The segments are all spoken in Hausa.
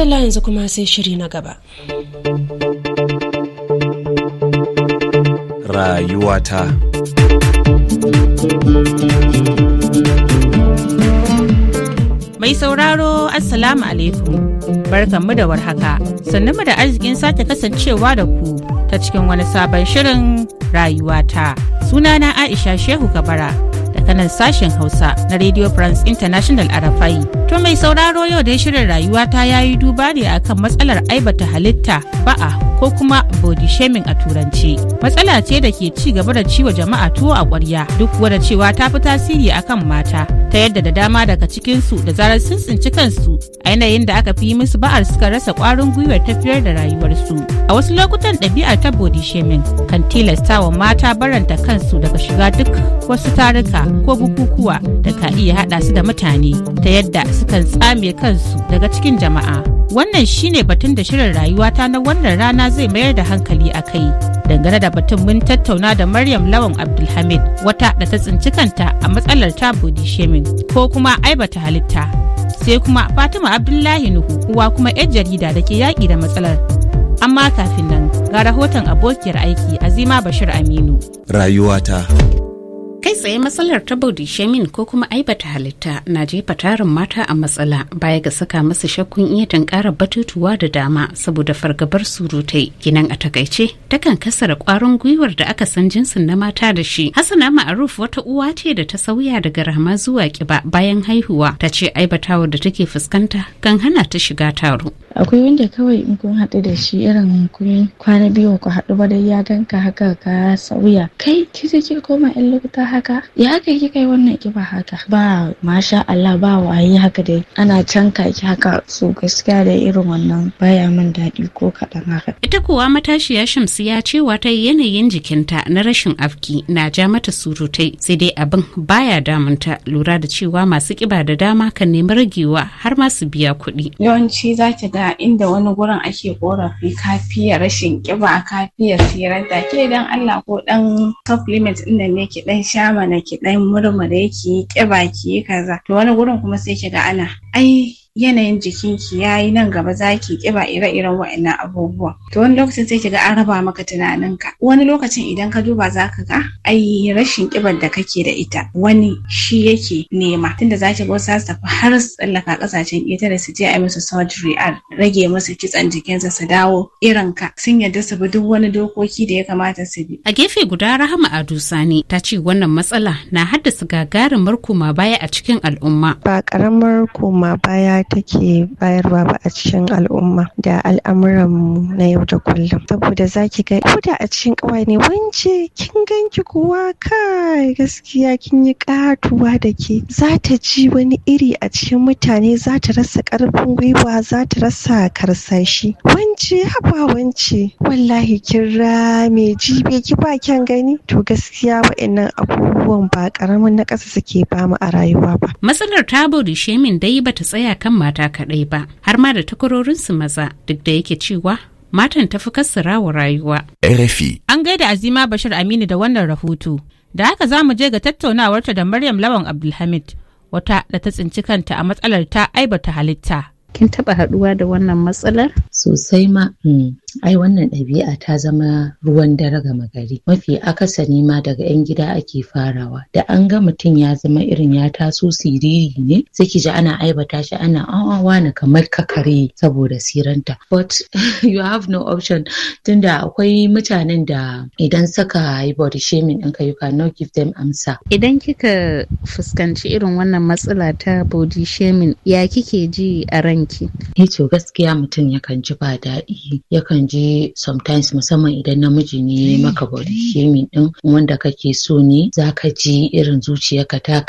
madalla yanzu kuma sai shiri na gaba. Rayuwata Mai sauraro Assalamu alaikum barkanmu da warhaka mu da arzikin sake kasancewa da ku ta cikin wani sabon shirin rayuwata sunana Aisha Shehu Kabara. daga sashen Hausa na Radio France International Arafai. To mai sauraro yau dai shirin rayuwa ta yayi duba ne akan matsalar aibata halitta ba'a ko kuma body shaming a turanci matsala ce da ke ci gaba da ciwo jama'a tuwo a ƙwarya duk da cewa ta fi tasiri akan mata ta yadda da dama daga cikinsu da zarar sun tsinci kansu a yanayin da aka fi yi musu ba'ar suka rasa ƙwarin gwiwar tafiyar da rayuwarsu a wasu lokutan ɗabi'ar ta body shaming kan tilasta wa mata baranta kansu daga shiga duk wasu taruka ko bukukuwa da ka iya haɗa su da mutane ta yadda sukan tsame kansu daga cikin jama'a Wannan shine batun da shirin rayuwata na wannan rana zai mayar da hankali a kai. Dangane da batun mun tattauna da Maryam Lawan Abdulhamid wata da ta tsinci kanta a matsalar ta body shaming ko kuma aibata halitta. Sai kuma Fatima Abdullahi Nuhu uwa kuma 'yar jarida da ke yaƙi da matsalar. Amma kafin nan ga rahoton abokiyar aiki Azima Bashir Aminu. Rayuwata. kai tsaye matsalar ta body shaming ko kuma aibata halitta na jefa tarin mata a matsala baya ga saka masu shakkun iya tunkarar batutuwa da dama saboda fargabar surutai ginan a takaice takan kasara kwarin gwiwar da aka san jinsin na mata da shi hasana ma'aruf wata uwa ce da ta sauya daga rama zuwa kiba bayan haihuwa ta ce aibatawa da take fuskanta kan hana ta shiga taro akwai wanda kawai in kun haɗu da shi irin kun kwana biyu ku haɗu ba dai ya ganka haka ka sauya kai ki koma in lokuta haka ya haka yi kai wannan kiba haka ba masha Allah ba waye haka dai ana canka ki haka su gaskiya da irin wannan baya min daɗi ko kaɗan haka. Ita kuwa matashiya Shamsiya cewa ta yanayin jikinta na rashin afki na ja mata surutai sai dai abin baya damunta lura da cewa masu kiba da dama kan nemi ragewa har ma su biya kuɗi. Yawanci za ta ga inda wani gurin ake korafi kafiya rashin kiba kafiya sirar da ke dan Allah ko dan supplement ɗin da ne ke dan sha mana kiɗan murmure ki yi kiba ki yi kaza to wani gurin kuma sai ki ga ana ai yanayin jikinki ya yi nan gaba za ki ƙiba ire-iren wa'annan abubuwa, to wani lokacin sai ki ga an raba maka tunaninka wani lokacin idan ka duba za ka ga ai rashin ƙibar da kake da ita wani shi yake nema tunda za ki wasu su tafi har su tsallaka ƙasashen ƙetare su je a yi musu surgery a rage musu kitsan jikinsa su dawo irin ka sun yarda su bi duk wani dokoki da ya kamata su bi a gefe guda rahama ado sani ta ce wannan matsala na haddasa gagarumar koma baya a cikin al'umma ba karamar koma baya take bayarwa ba a cikin al'umma da mu na yau da kullum saboda zaki ga ko da a cikin ƙawaye ne wance kin ganki kuwa kai gaskiya kin yi katuwa da ke za ta ji wani iri a cikin mutane za ta rasa ƙarfin gwiwa za ta rasa karsashi wance haba wance wallahi kin rame jibe ki ba kyan gani to gaskiya waɗannan abubuwan ba ƙaramin na ƙasa suke bamu a rayuwa ba matsalar tabo da shemin dai bata tsaya kan mata kaɗai ba har ma da takwarorinsu maza duk da yake cewa matan ta tafi wa rayuwa. RFI. An gaida Azima Bashir Aminu da wannan rahoto. Da haka za mu je ga tattaunawarta da Maryam Lawan Abdulhamid wata da ta tsinci kanta a matsalar ta aibata halitta. Kin taɓa haɗuwa da wannan matsalar? sosai ma mm. ai wannan ɗabi'a ta zama ruwan dare ga magari, mafi akasari ma daga 'yan gida ake farawa da an ga mutum ya zama irin ya taso siriri ne sai ki ji ana aibata shi ana awawa na kamar kakare saboda siranta but you have no option tunda akwai mutanen da idan saka yi body shaming ɗinka you cannot give them amsa idan kika fuskanci irin wannan matsala ta body shaming ya kike ji a ranki? Eh to gaskiya mutum yakan ji ji ba daɗi yakan ji sometimes musamman idan namiji ne hmm, maka body shaming din wanda kake so ne zaka ji irin ka ta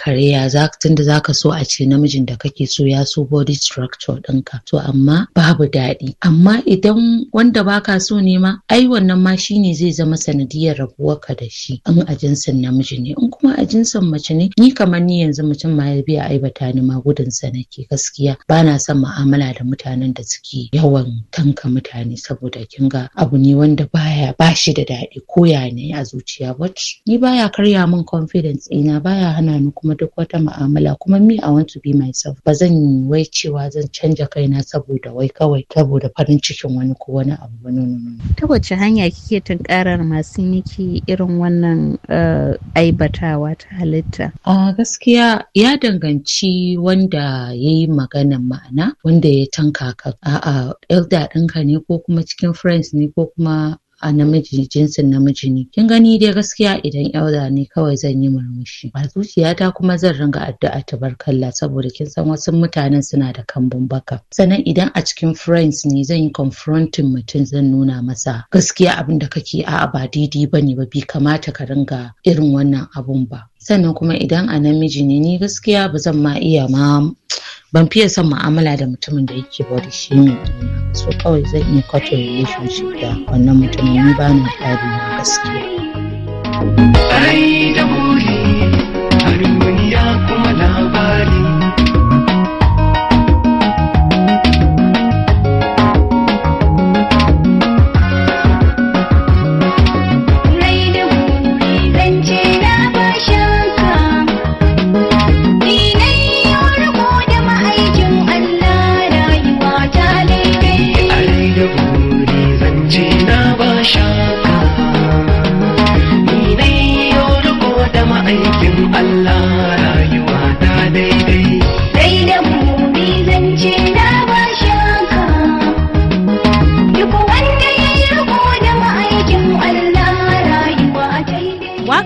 da tunda zaka so a ce namijin da kake so ya so body structure ɗinka to amma babu daɗi amma idan wanda baka so ne ma ai wannan ma shine zai zama sanadiyar rabuwarka da shi in a jinsin namiji ne in kuma a jinsin mace ne ni kamar ni yanzu mutum ma ya biya aibata ni ma gudunsa nake gaskiya bana son ma'amala da mutanen da suke yawan tanka mutane saboda kin ga abu ne wanda baya bashi da daɗi ko ne a zuciya but ni baya karya min confidence ina baya hana ni kuma duk wata mu'amala kuma me I want to be myself ba zan wai cewa zan canja kaina saboda wai kawai saboda farin cikin wani ko wani abu ba ta wace hanya kike tunkarar masu niki irin wannan eh, aibatawa ta halitta a gaskiya ya danganci wanda ya yi maganan ma'ana wanda ya tanka ka a'a gender ɗinka ne ko kuma cikin friends ne ko kuma a namiji jinsin namiji ne kin gani dai gaskiya idan yauda ne kawai zan yi murmushi ba zuciyata kuma zan ringa addu'a ta tabarkalla saboda kin san wasu mutanen suna da kambun baka sannan idan a cikin friends ne zan yi confronting mutum zan nuna masa gaskiya abin da kake a'a ba daidai bane ba bi kamata ka ringa irin wannan abun ba sannan kuma idan a namiji ne ni gaskiya ba zan ma iya ma ban fiye son mu'amala da mutumin da yake body shi ne so kawai zan iya kwato relationship da wannan mutumin ni ba na ƙari gaskiya.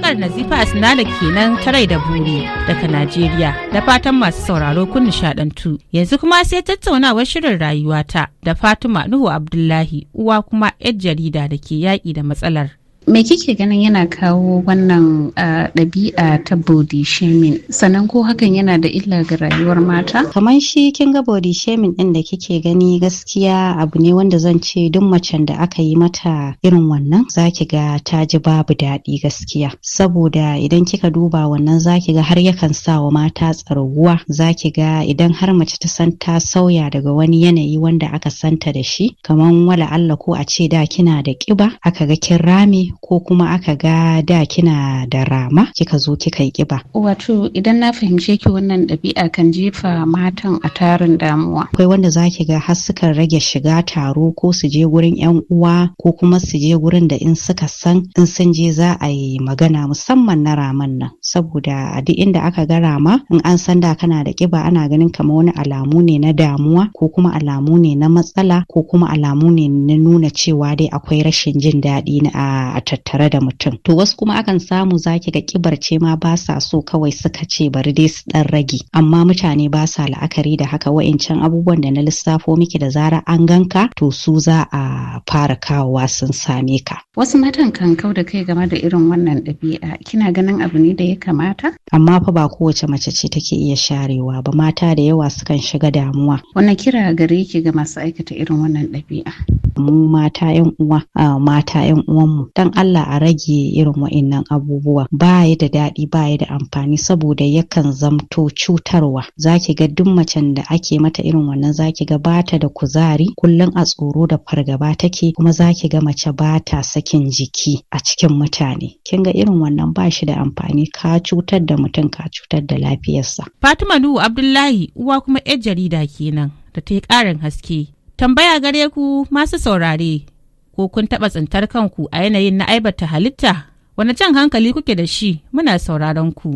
Wakar Nazifa Asinala kenan tarai da buri daga Najeriya da fatan masu sauraro kun nishadantu. Yanzu kuma sai tattaunawar shirin rayuwata da Fatima Nuhu Abdullahi uwa kuma 'yar jarida da ke yaƙi da matsalar me kike ganin yana kawo wannan ah, ɗabi'a ta body shaming sannan ko hakan yana da illa ga rayuwar mata kamar shi kin ga body shaming ɗin da kike gani gaskiya abu ne wanda zan ce duk macen da aka yi mata irin wannan zaki ga ta ji babu daɗi gaskiya saboda idan kika duba wannan zaki ga har yakan sa wa mata tsaruwa zaki ga idan har mace ta san ta sauya daga wani yanayi wanda aka santa da shi kamar wala Allah ko a ce da kina da ƙiba aka ga kin rame ko kuma aka ga da kina da rama kika zo kika yi kiba wato idan na fahimce ki wannan ɗabi'a kan jefa matan a tarin damuwa akwai wanda za ki ga har sukan rage shiga taro ko su je gurin yan uwa ko kuma su je gurin da in suka san in sun je za a yi magana musamman na raman nan saboda a duk inda aka ga rama in an san da kana da kiba ana ganin kamar wani alamu ne na damuwa ko kuma alamu ne na matsala ko kuma alamu ne na nuna cewa dai akwai rashin jin daɗi a tattare da mutum to wasu kuma akan samu zaki ga kibar ce ma ba sa so kawai suka ce bari dai su dan rage amma mutane ba sa la'akari da haka wa'incan abubuwan da na lissafo miki da zara an ganka to su za a fara kawowa sun same ka wasu matan kan kau da kai game da irin wannan ɗabi'a kina ganin abu ne da ya kamata amma fa ba kowace mace ce take iya sharewa ba mata da yawa sukan shiga damuwa wannan kira gare ki ga masu aikata irin wannan ɗabi'a mu mata yan uwa mata yan uwanmu dan Allah a rage irin wa'innan abubuwa ba ya da daɗi ba ya da amfani saboda yakan zamto cutarwa zaki ga duk macen da ake mata irin wannan zaki ga bata da kuzari kullum a tsoro da fargaba take kuma zaki ga mace bata sakin jiki a cikin mutane kin ga irin wannan ba shi da amfani ka cutar da mutum ka cutar da lafiyarsa Fatima Nuhu Abdullahi uwa kuma 'yar jarida kenan da ta yi ƙarin haske tambaya gare ku masu saurare ko kun taɓa tsintar kanku a yanayin na aibata halitta wani jan hankali kuke da shi muna sauraron ku.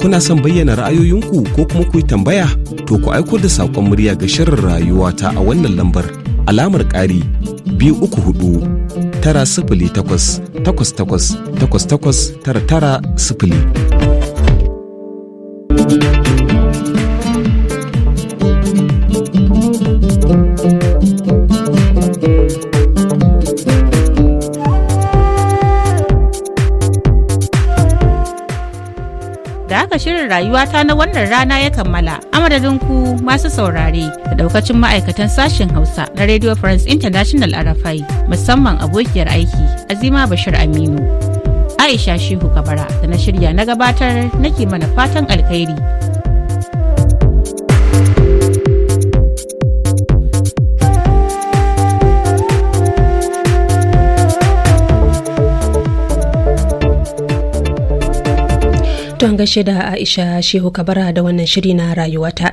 Kuna son bayyana ra'ayoyinku ko kuma ku tambaya to ku aiko da saƙon murya ga shirin rayuwa ta a wannan lambar alamar ƙari biyu uku hudu tara sifili takwas takwas takwas takwas takwas tara tara sifili. haka shirin rayuwata na wannan rana ya kammala. A madadin ku masu saurare da daukacin ma'aikatan sashen Hausa na Radio France International rfi musamman abokiyar aiki Azima Bashir Aminu. Aisha Shehu Kabara da na shirya na gabatar nake mana fatan alkhairi. Don gashe da Aisha Shehu Kabara da wannan shiri na rayuwata.